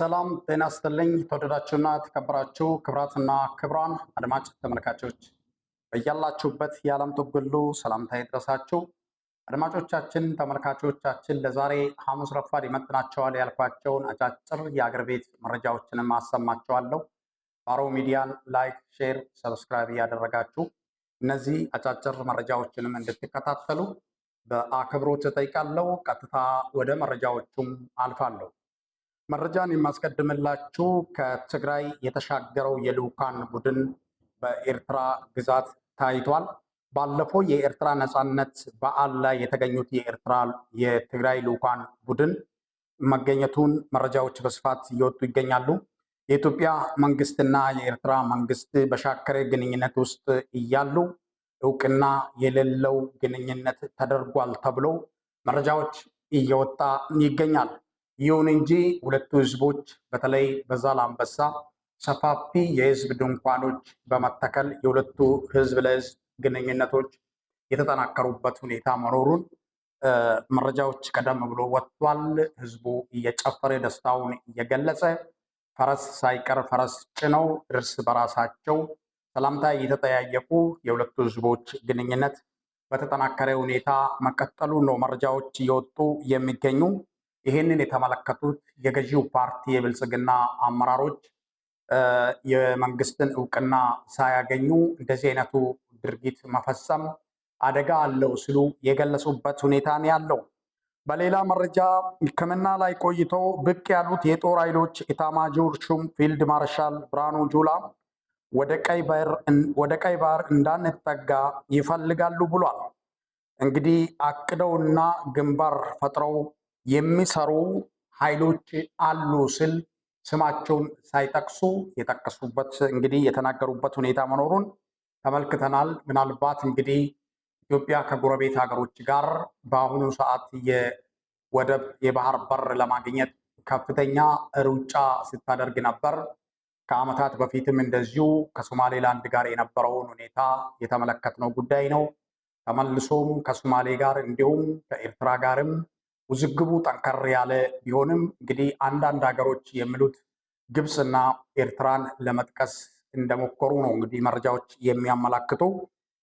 ሰላም ጤና ስትልኝ ተወደዳችሁና ተከበራችሁ ክብራትና ክብራን አድማጭ ተመልካቾች በያላችሁበት የዓለም ጥግ ሰላምታ ይድረሳችሁ። አድማጮቻችን፣ ተመልካቾቻችን ለዛሬ ሐሙስ ረፋድ ይመጥናቸዋል ያልኳቸውን አጫጭር የአገር ቤት መረጃዎችንም አሰማቸዋለሁ። ባሮ ሚዲያን ላይክ፣ ሼር፣ ሰብስክራይብ እያደረጋችሁ እነዚህ አጫጭር መረጃዎችንም እንድትከታተሉ በአክብሮት እጠይቃለሁ። ቀጥታ ወደ መረጃዎቹም አልፋለሁ። መረጃን የማስቀድምላችሁ ከትግራይ የተሻገረው የልዑካን ቡድን በኤርትራ ግዛት ታይቷል። ባለፈው የኤርትራ ነፃነት በዓል ላይ የተገኙት የኤርትራ የትግራይ ልዑካን ቡድን መገኘቱን መረጃዎች በስፋት እየወጡ ይገኛሉ። የኢትዮጵያ መንግስትና የኤርትራ መንግስት በሻከሬ ግንኙነት ውስጥ እያሉ እውቅና የሌለው ግንኙነት ተደርጓል ተብሎ መረጃዎች እየወጣ ይገኛል። ይሁን እንጂ ሁለቱ ህዝቦች በተለይ በዛላምበሳ ሰፋፊ የህዝብ ድንኳኖች በመተከል የሁለቱ ህዝብ ለህዝብ ግንኙነቶች የተጠናከሩበት ሁኔታ መኖሩን መረጃዎች ቀደም ብሎ ወጥቷል። ህዝቡ እየጨፈረ ደስታውን እየገለጸ ፈረስ ሳይቀር ፈረስ ጭነው እርስ በራሳቸው ሰላምታ እየተጠያየቁ የሁለቱ ህዝቦች ግንኙነት በተጠናከረ ሁኔታ መቀጠሉ ነው መረጃዎች እየወጡ የሚገኙ ይህንን የተመለከቱት የገዢው ፓርቲ የብልጽግና አመራሮች የመንግስትን እውቅና ሳያገኙ እንደዚህ አይነቱ ድርጊት መፈጸም አደጋ አለው ሲሉ የገለጹበት ሁኔታ ነው ያለው። በሌላ መረጃ ሕክምና ላይ ቆይተው ብቅ ያሉት የጦር ኃይሎች ኢታማጆር ሹም ፊልድ ማርሻል ብርሃኑ ጁላ ወደ ቀይ ባህር እንዳንጠጋ ይፈልጋሉ ብሏል። እንግዲህ አቅደውና ግንባር ፈጥረው የሚሰሩ ኃይሎች አሉ ስል ስማቸውን ሳይጠቅሱ የጠቀሱበት እንግዲህ የተናገሩበት ሁኔታ መኖሩን ተመልክተናል። ምናልባት እንግዲህ ኢትዮጵያ ከጎረቤት ሀገሮች ጋር በአሁኑ ሰዓት የወደብ የባህር በር ለማግኘት ከፍተኛ ሩጫ ስታደርግ ነበር። ከዓመታት በፊትም እንደዚሁ ከሶማሌላንድ ጋር የነበረውን ሁኔታ የተመለከትነው ጉዳይ ነው። ተመልሶም ከሶማሌ ጋር እንዲሁም ከኤርትራ ጋርም ውዝግቡ ጠንከር ያለ ቢሆንም እንግዲህ አንዳንድ ሀገሮች የሚሉት ግብፅና ኤርትራን ለመጥቀስ እንደሞከሩ ነው እንግዲህ መረጃዎች የሚያመላክቱ።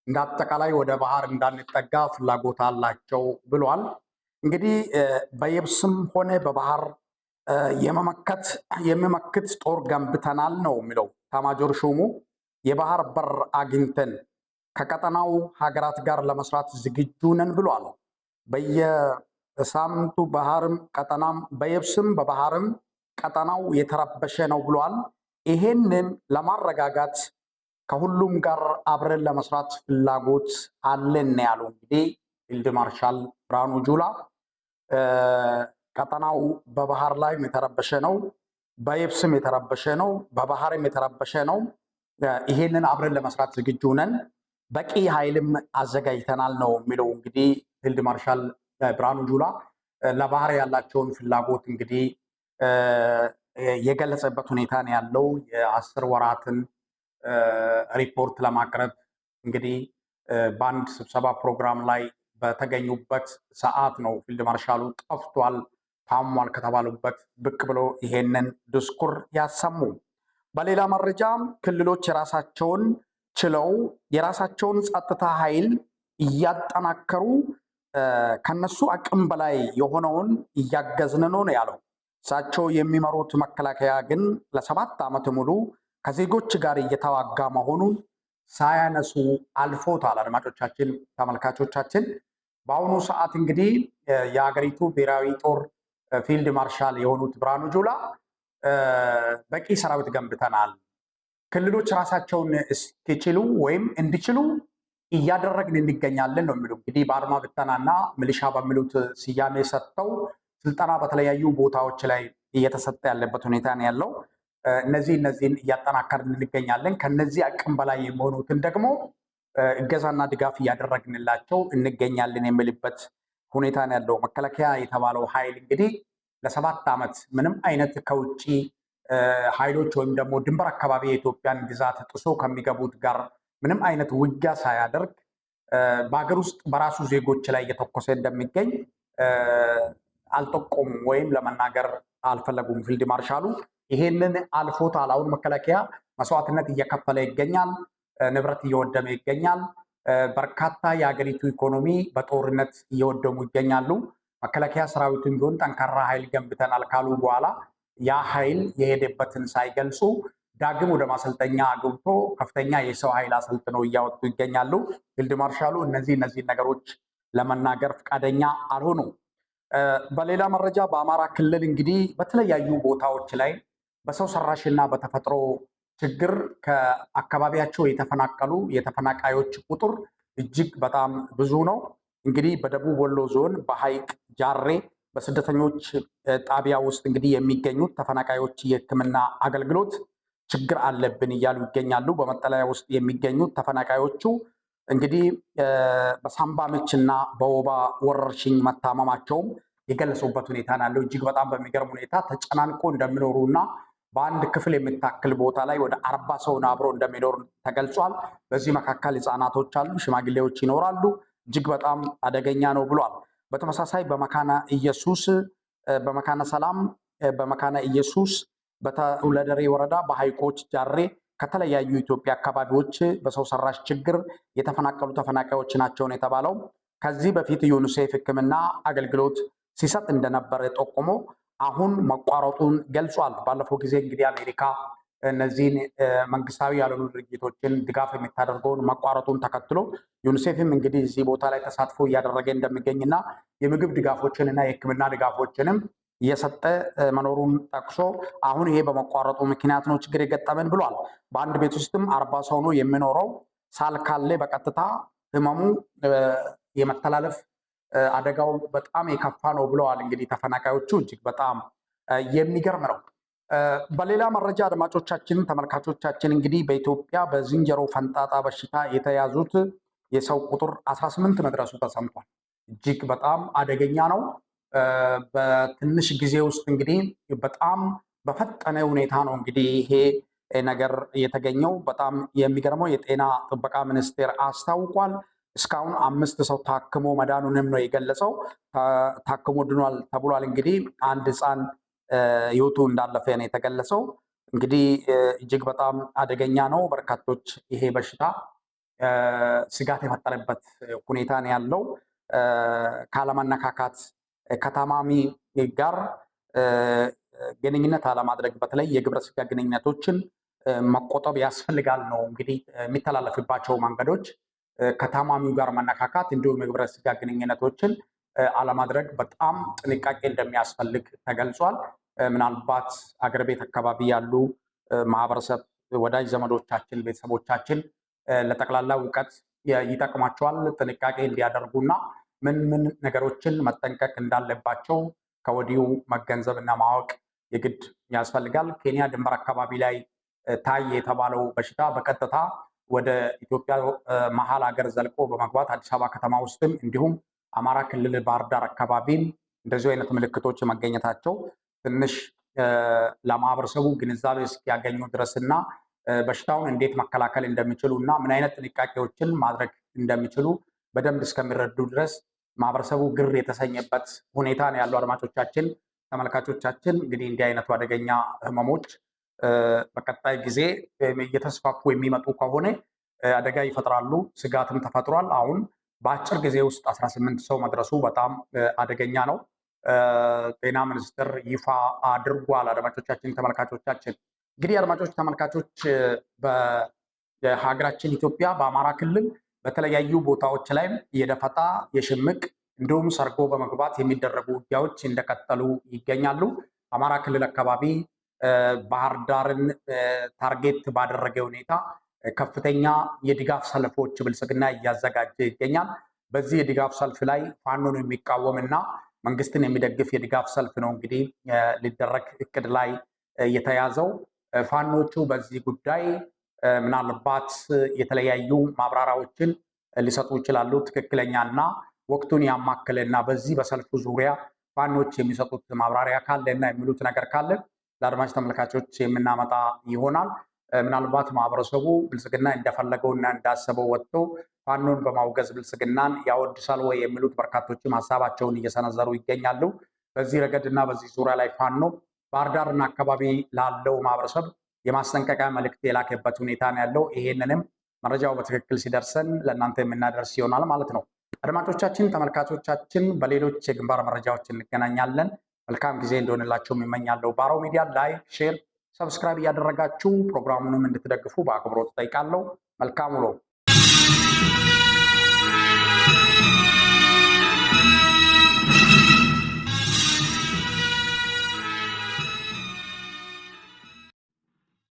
እንደ አጠቃላይ ወደ ባህር እንዳንጠጋ ፍላጎት አላቸው ብሏል። እንግዲህ በየብስም ሆነ በባህር የመመከት የሚመክት ጦር ገንብተናል ነው የሚለው ታማጆር ሹሙ። የባህር በር አግኝተን ከቀጠናው ሀገራት ጋር ለመስራት ዝግጁ ነን ብሏል። በሳምንቱ ባህርም ቀጠናም በየብስም በባህርም ቀጠናው የተረበሸ ነው ብሏል። ይሄንን ለማረጋጋት ከሁሉም ጋር አብረን ለመስራት ፍላጎት አለን ያሉ እንግዲህ ፊልድ ማርሻል ብርሃኑ ጁላ ቀጠናው በባህር ላይም የተረበሸ ነው፣ በየብስም የተረበሸ ነው፣ በባህርም የተረበሸ ነው። ይሄንን አብረን ለመስራት ዝግጁ ነን፣ በቂ ኃይልም አዘጋጅተናል ነው የሚለው እንግዲህ ፊልድ ማርሻል ብርሃኑ ጁላ ለባህር ያላቸውን ፍላጎት እንግዲህ የገለጸበት ሁኔታ ነው ያለው። የአስር ወራትን ሪፖርት ለማቅረብ እንግዲህ በአንድ ስብሰባ ፕሮግራም ላይ በተገኙበት ሰዓት ነው ፊልድ ማርሻሉ ጠፍቷል፣ ታሟል ከተባሉበት ብቅ ብሎ ይሄንን ድስኩር ያሰሙ። በሌላ መረጃ ክልሎች የራሳቸውን ችለው የራሳቸውን ጸጥታ ኃይል እያጠናከሩ ከነሱ አቅም በላይ የሆነውን እያገዝን ነው ነው ያለው። እሳቸው የሚመሩት መከላከያ ግን ለሰባት ዓመት ሙሉ ከዜጎች ጋር እየተዋጋ መሆኑን ሳያነሱ አልፎታል። አድማጮቻችን፣ ተመልካቾቻችን በአሁኑ ሰዓት እንግዲህ የሀገሪቱ ብሔራዊ ጦር ፊልድ ማርሻል የሆኑት ብርሃኑ ጁላ በቂ ሰራዊት ገንብተናል፣ ክልሎች ራሳቸውን እስኪችሉ ወይም እንዲችሉ እያደረግን እንገኛለን ነው የሚሉ እንግዲህ በአድማ ብተናና ምልሻ በሚሉት ስያሜ ሰጥተው ስልጠና በተለያዩ ቦታዎች ላይ እየተሰጠ ያለበት ሁኔታ ነው ያለው። እነዚህ እነዚህን እያጠናከርን እንገኛለን። ከነዚህ አቅም በላይ የሚሆኑትን ደግሞ እገዛና ድጋፍ እያደረግንላቸው እንገኛለን የሚልበት ሁኔታ ነው ያለው። መከላከያ የተባለው ኃይል እንግዲህ ለሰባት ዓመት ምንም አይነት ከውጭ ኃይሎች ወይም ደግሞ ድንበር አካባቢ የኢትዮጵያን ግዛት ጥሶ ከሚገቡት ጋር ምንም አይነት ውጊያ ሳያደርግ በሀገር ውስጥ በራሱ ዜጎች ላይ እየተኮሰ እንደሚገኝ አልጠቆሙም ወይም ለመናገር አልፈለጉም። ፊልድ ማርሻሉ ይሄንን አልፎታል። አሁን መከላከያ መስዋዕትነት እየከፈለ ይገኛል። ንብረት እየወደመ ይገኛል። በርካታ የሀገሪቱ ኢኮኖሚ በጦርነት እየወደሙ ይገኛሉ። መከላከያ ሰራዊቱን ቢሆን ጠንካራ ኃይል ገንብተናል ካሉ በኋላ ያ ኃይል የሄደበትን ሳይገልጹ ዳግም ወደ ማሰልጠኛ ገብቶ ከፍተኛ የሰው ኃይል አሰልጥነው እያወጡ ይገኛሉ። ፊልድ ማርሻሉ እነዚህ እነዚህ ነገሮች ለመናገር ፈቃደኛ አልሆኑ። በሌላ መረጃ በአማራ ክልል እንግዲህ በተለያዩ ቦታዎች ላይ በሰው ሰራሽና በተፈጥሮ ችግር ከአካባቢያቸው የተፈናቀሉ የተፈናቃዮች ቁጥር እጅግ በጣም ብዙ ነው። እንግዲህ በደቡብ ወሎ ዞን በሐይቅ ጃሬ በስደተኞች ጣቢያ ውስጥ እንግዲህ የሚገኙት ተፈናቃዮች የሕክምና አገልግሎት ችግር አለብን እያሉ ይገኛሉ። በመጠለያ ውስጥ የሚገኙት ተፈናቃዮቹ እንግዲህ በሳምባ ምች እና በወባ ወረርሽኝ መታመማቸውም የገለጹበት ሁኔታ ነው ያለው። እጅግ በጣም በሚገርም ሁኔታ ተጨናንቆ እንደሚኖሩ እና በአንድ ክፍል የምታክል ቦታ ላይ ወደ አርባ ሰውን አብሮ እንደሚኖር ተገልጿል። በዚህ መካከል ህፃናቶች አሉ፣ ሽማግሌዎች ይኖራሉ። እጅግ በጣም አደገኛ ነው ብሏል። በተመሳሳይ በመካነ ኢየሱስ በመካነ ሰላም በመካነ ኢየሱስ በተውለደሬ ወረዳ በሐይቆች ጃሬ ከተለያዩ ኢትዮጵያ አካባቢዎች በሰው ሰራሽ ችግር የተፈናቀሉ ተፈናቃዮች ናቸውን የተባለው ከዚህ በፊት ዩኒሴፍ ሕክምና አገልግሎት ሲሰጥ እንደነበረ ጠቁሞ አሁን መቋረጡን ገልጿል። ባለፈው ጊዜ እንግዲህ አሜሪካ እነዚህን መንግስታዊ ያልሆኑ ድርጅቶችን ድጋፍ የሚታደርገውን መቋረጡን ተከትሎ ዩኒሴፍም እንግዲህ እዚህ ቦታ ላይ ተሳትፎ እያደረገ እንደሚገኝና የምግብ ድጋፎችን እና የሕክምና ድጋፎችንም እየሰጠ መኖሩን ጠቅሶ አሁን ይሄ በመቋረጡ ምክንያት ነው ችግር የገጠመን ብሏል። በአንድ ቤት ውስጥም አርባ ሰው ነው የሚኖረው። ሳል ካለ በቀጥታ ህመሙ የመተላለፍ አደጋው በጣም የከፋ ነው ብለዋል። እንግዲህ ተፈናቃዮቹ እጅግ በጣም የሚገርም ነው። በሌላ መረጃ አድማጮቻችን፣ ተመልካቾቻችን እንግዲህ በኢትዮጵያ በዝንጀሮ ፈንጣጣ በሽታ የተያዙት የሰው ቁጥር 18 መድረሱ ተሰምቷል። እጅግ በጣም አደገኛ ነው። በትንሽ ጊዜ ውስጥ እንግዲህ በጣም በፈጠነ ሁኔታ ነው እንግዲህ ይሄ ነገር የተገኘው። በጣም የሚገርመው የጤና ጥበቃ ሚኒስቴር አስታውቋል። እስካሁን አምስት ሰው ታክሞ መዳኑንም ነው የገለጸው። ታክሞ ድኗል ተብሏል። እንግዲህ አንድ ህፃን ህይወቱ እንዳለፈ ነው የተገለጸው። እንግዲህ እጅግ በጣም አደገኛ ነው። በርካቶች ይሄ በሽታ ስጋት የፈጠረበት ሁኔታ ነው ያለው። ካለመነካካት ከታማሚ ጋር ግንኙነት አለማድረግ በተለይ የግብረ ስጋ ግንኙነቶችን መቆጠብ ያስፈልጋል ነው እንግዲህ የሚተላለፍባቸው መንገዶች ከታማሚው ጋር መነካካት እንዲሁም የግብረ ስጋ ግንኙነቶችን አለማድረግ በጣም ጥንቃቄ እንደሚያስፈልግ ተገልጿል። ምናልባት አገር ቤት አካባቢ ያሉ ማህበረሰብ ወዳጅ ዘመዶቻችን፣ ቤተሰቦቻችን ለጠቅላላ እውቀት ይጠቅማቸዋል። ጥንቃቄ እንዲያደርጉና ምን ምን ነገሮችን መጠንቀቅ እንዳለባቸው ከወዲሁ መገንዘብ እና ማወቅ የግድ ያስፈልጋል። ኬንያ ድንበር አካባቢ ላይ ታይ የተባለው በሽታ በቀጥታ ወደ ኢትዮጵያ መሀል ሀገር ዘልቆ በመግባት አዲስ አበባ ከተማ ውስጥም እንዲሁም አማራ ክልል ባህር ዳር አካባቢም እንደዚሁ አይነት ምልክቶች መገኘታቸው ትንሽ ለማህበረሰቡ ግንዛቤ እስኪያገኙ ድረስና በሽታውን እንዴት መከላከል እንደሚችሉ እና ምን አይነት ጥንቃቄዎችን ማድረግ እንደሚችሉ በደንብ እስከሚረዱ ድረስ ማህበረሰቡ ግር የተሰኘበት ሁኔታ ነው ያለው። አድማጮቻችን፣ ተመልካቾቻችን እንግዲህ እንዲህ አይነቱ አደገኛ ህመሞች በቀጣይ ጊዜ እየተስፋፉ የሚመጡ ከሆነ አደጋ ይፈጥራሉ። ስጋትም ተፈጥሯል። አሁን በአጭር ጊዜ ውስጥ 18 ሰው መድረሱ በጣም አደገኛ ነው። ጤና ሚኒስቴር ይፋ አድርጓል። አድማጮቻችን፣ ተመልካቾቻችን እንግዲህ አድማጮች፣ ተመልካቾች በሀገራችን ኢትዮጵያ በአማራ ክልል በተለያዩ ቦታዎች ላይ የደፈጣ የሽምቅ እንዲሁም ሰርጎ በመግባት የሚደረጉ ውጊያዎች እንደቀጠሉ ይገኛሉ። አማራ ክልል አካባቢ ባህር ዳርን ታርጌት ባደረገ ሁኔታ ከፍተኛ የድጋፍ ሰልፎች ብልጽግና እያዘጋጀ ይገኛል። በዚህ የድጋፍ ሰልፍ ላይ ፋኖን የሚቃወም እና መንግስትን የሚደግፍ የድጋፍ ሰልፍ ነው እንግዲህ ሊደረግ እቅድ ላይ የተያዘው። ፋኖቹ በዚህ ጉዳይ ምናልባት የተለያዩ ማብራሪያዎችን ሊሰጡ ይችላሉ። ትክክለኛና ወቅቱን ያማከለ እና በዚህ በሰልፉ ዙሪያ ፋኖች የሚሰጡት ማብራሪያ ካለ እና የሚሉት ነገር ካለ ለአድማጭ ተመልካቾች የምናመጣ ይሆናል። ምናልባት ማህበረሰቡ ብልጽግና እንደፈለገው እና እንዳሰበው ወጥቶ ፋኖን በማውገዝ ብልጽግናን ያወድሳል ወይ የሚሉት በርካቶችም ሀሳባቸውን እየሰነዘሩ ይገኛሉ። በዚህ ረገድ እና በዚህ ዙሪያ ላይ ፋኖ ባህር ዳርና አካባቢ ላለው ማህበረሰብ የማስጠንቀቂያ መልእክት የላከበት ሁኔታ ነው ያለው። ይሄንንም መረጃው በትክክል ሲደርሰን ለእናንተ የምናደርስ ይሆናል ማለት ነው። አድማጮቻችን፣ ተመልካቾቻችን በሌሎች የግንባር መረጃዎች እንገናኛለን። መልካም ጊዜ እንደሆነላቸውም ይመኛለሁ። ባሮ ሚዲያ ላይክ፣ ሼር፣ ሰብስክራይብ እያደረጋችሁ ፕሮግራሙንም እንድትደግፉ በአክብሮት ጠይቃለሁ። መልካም ውሎ